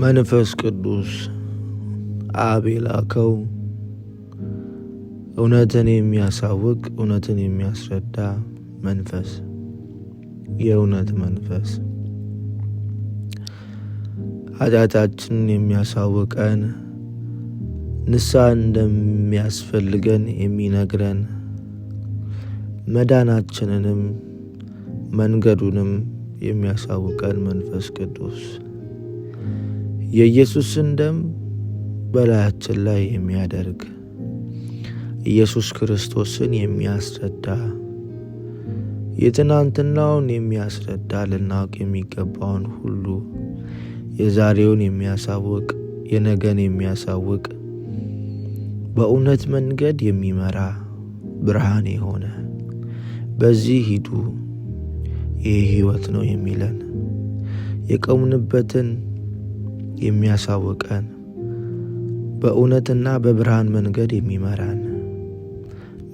መንፈስ ቅዱስ አብ የላከው እውነትን የሚያሳውቅ እውነትን የሚያስረዳ መንፈስ የእውነት መንፈስ ኃጢአታችንን የሚያሳውቀን ንስሐ እንደሚያስፈልገን የሚነግረን መዳናችንንም መንገዱንም የሚያሳውቀን መንፈስ ቅዱስ የኢየሱስን ደም በላያችን ላይ የሚያደርግ ኢየሱስ ክርስቶስን የሚያስረዳ የትናንትናውን የሚያስረዳ ልናውቅ የሚገባውን ሁሉ የዛሬውን የሚያሳውቅ የነገን የሚያሳውቅ በእውነት መንገድ የሚመራ ብርሃን የሆነ በዚህ ሂዱ ይህ ሕይወት ነው የሚለን የቆምንበትን የሚያሳውቀን በእውነትና በብርሃን መንገድ የሚመራን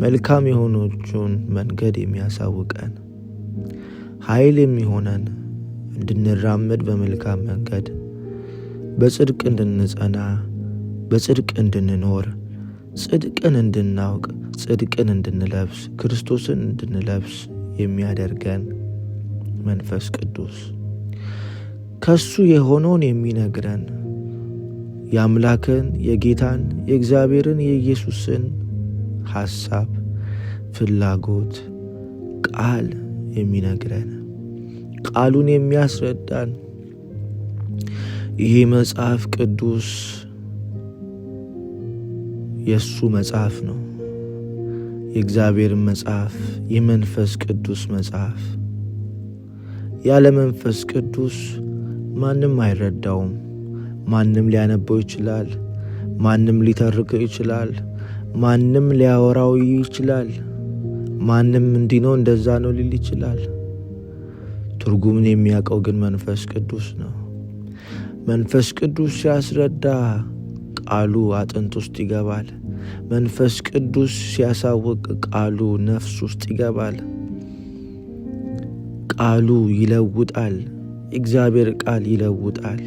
መልካም የሆኖቹን መንገድ የሚያሳውቀን ኃይል የሚሆነን እንድንራመድ በመልካም መንገድ በጽድቅ እንድንጸና በጽድቅ እንድንኖር ጽድቅን እንድናውቅ ጽድቅን እንድንለብስ ክርስቶስን እንድንለብስ የሚያደርገን መንፈስ ቅዱስ ከሱ የሆነውን የሚነግረን የአምላክን የጌታን የእግዚአብሔርን የኢየሱስን ሐሳብ፣ ፍላጎት፣ ቃል የሚነግረን ቃሉን የሚያስረዳን ይሄ መጽሐፍ ቅዱስ የእሱ መጽሐፍ ነው። የእግዚአብሔርን መጽሐፍ፣ የመንፈስ ቅዱስ መጽሐፍ። ያለ መንፈስ ቅዱስ ማንም አይረዳውም። ማንም ሊያነበው ይችላል። ማንም ሊተርከው ይችላል። ማንም ሊያወራው ይችላል። ማንም እንዲህ ነው እንደዛ ነው ሊል ይችላል። ትርጉምን የሚያውቀው ግን መንፈስ ቅዱስ ነው። መንፈስ ቅዱስ ሲያስረዳ ቃሉ አጥንት ውስጥ ይገባል። መንፈስ ቅዱስ ሲያሳውቅ ቃሉ ነፍስ ውስጥ ይገባል። ቃሉ ይለውጣል። የእግዚአብሔር ቃል ይለውጣል።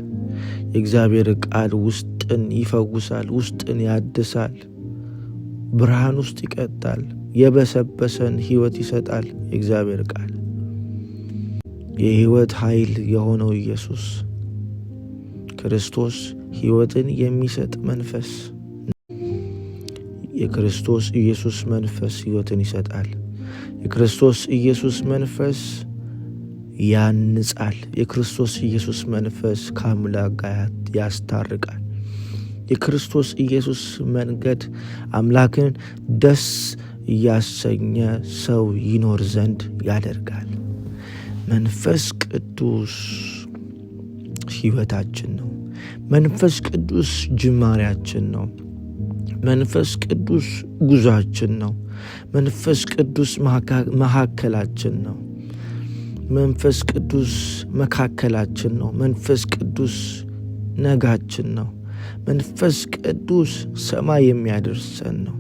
የእግዚአብሔር ቃል ውስጥን ይፈውሳል፣ ውስጥን ያድሳል፣ ብርሃን ውስጥ ይቀጣል፣ የበሰበሰን ሕይወት ይሰጣል። የእግዚአብሔር ቃል የሕይወት ኃይል የሆነው ኢየሱስ ክርስቶስ ሕይወትን የሚሰጥ መንፈስ የክርስቶስ ኢየሱስ መንፈስ ሕይወትን ይሰጣል። የክርስቶስ ኢየሱስ መንፈስ ያንጻል። የክርስቶስ ኢየሱስ መንፈስ ከአምላክ ጋር ያስታርቃል። የክርስቶስ ኢየሱስ መንገድ አምላክን ደስ እያሰኘ ሰው ይኖር ዘንድ ያደርጋል። መንፈስ ቅዱስ ሕይወታችን ነው። መንፈስ ቅዱስ ጅማሬያችን ነው። መንፈስ ቅዱስ ጉዟችን ነው። መንፈስ ቅዱስ መካከላችን ነው። መንፈስ ቅዱስ መካከላችን ነው። መንፈስ ቅዱስ ነጋችን ነው። መንፈስ ቅዱስ ሰማይ የሚያደርሰን ነው።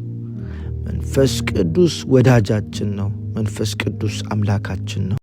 መንፈስ ቅዱስ ወዳጃችን ነው። መንፈስ ቅዱስ አምላካችን ነው።